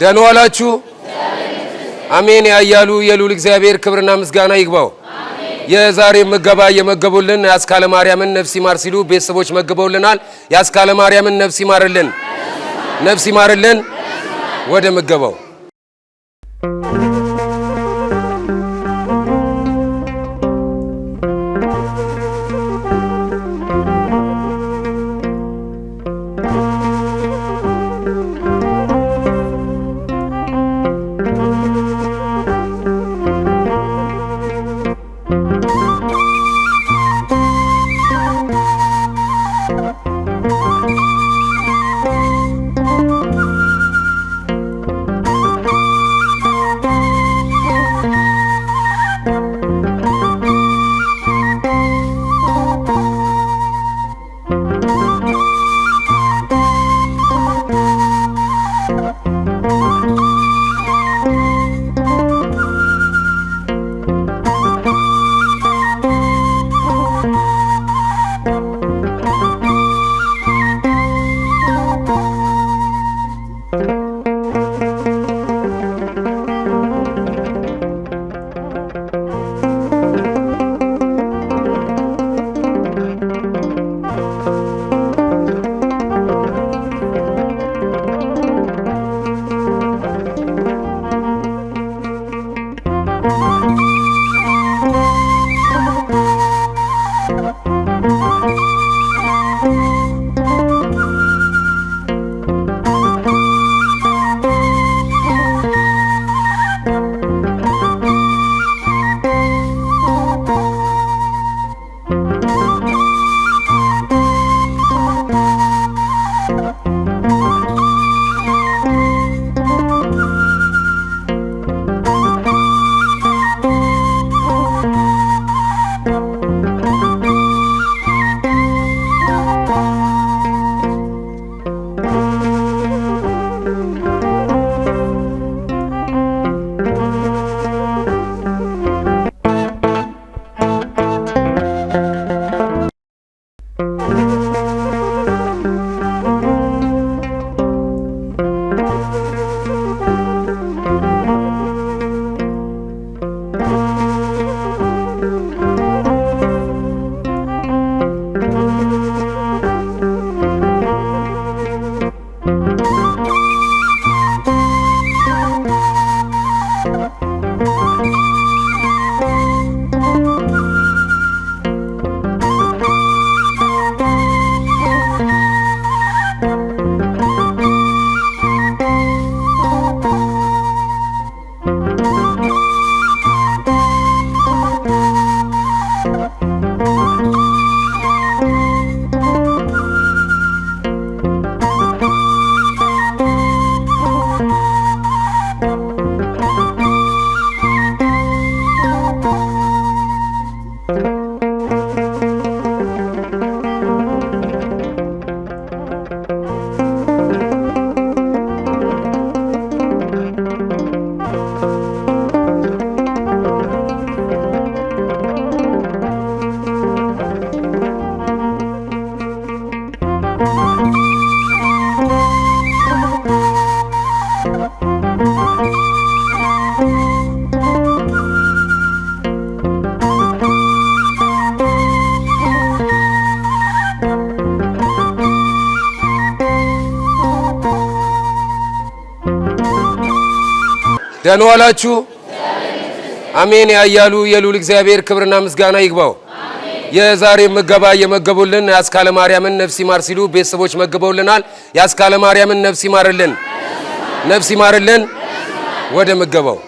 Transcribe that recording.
ደህና ዋላችሁ። አሜን። ያያሉ የሉል እግዚአብሔር ክብርና ምስጋና ይግባው። የዛሬ ምገባ የመገቡልን የአስካለ ማርያምን ነፍስ ይማር ሲሉ ቤተሰቦች መግበውልናል። የአስካለ ማርያምን ነፍስ ይማርልን፣ ነፍስ ይማርልን። ወደ ምገባው ደህና ዋላችሁ። አሜን ያያሉ የሉል እግዚአብሔር ክብርና ምስጋና ይግባው። የዛሬ ምገባ የመገቡልን የአስካለ ማርያምን ነፍስ ይማር ሲሉ ቤተሰቦች መግበውልናል። የአስካለ ማርያምን ነፍስ ይማርልን፣ ነፍስ ይማርልን። ወደ ምገባው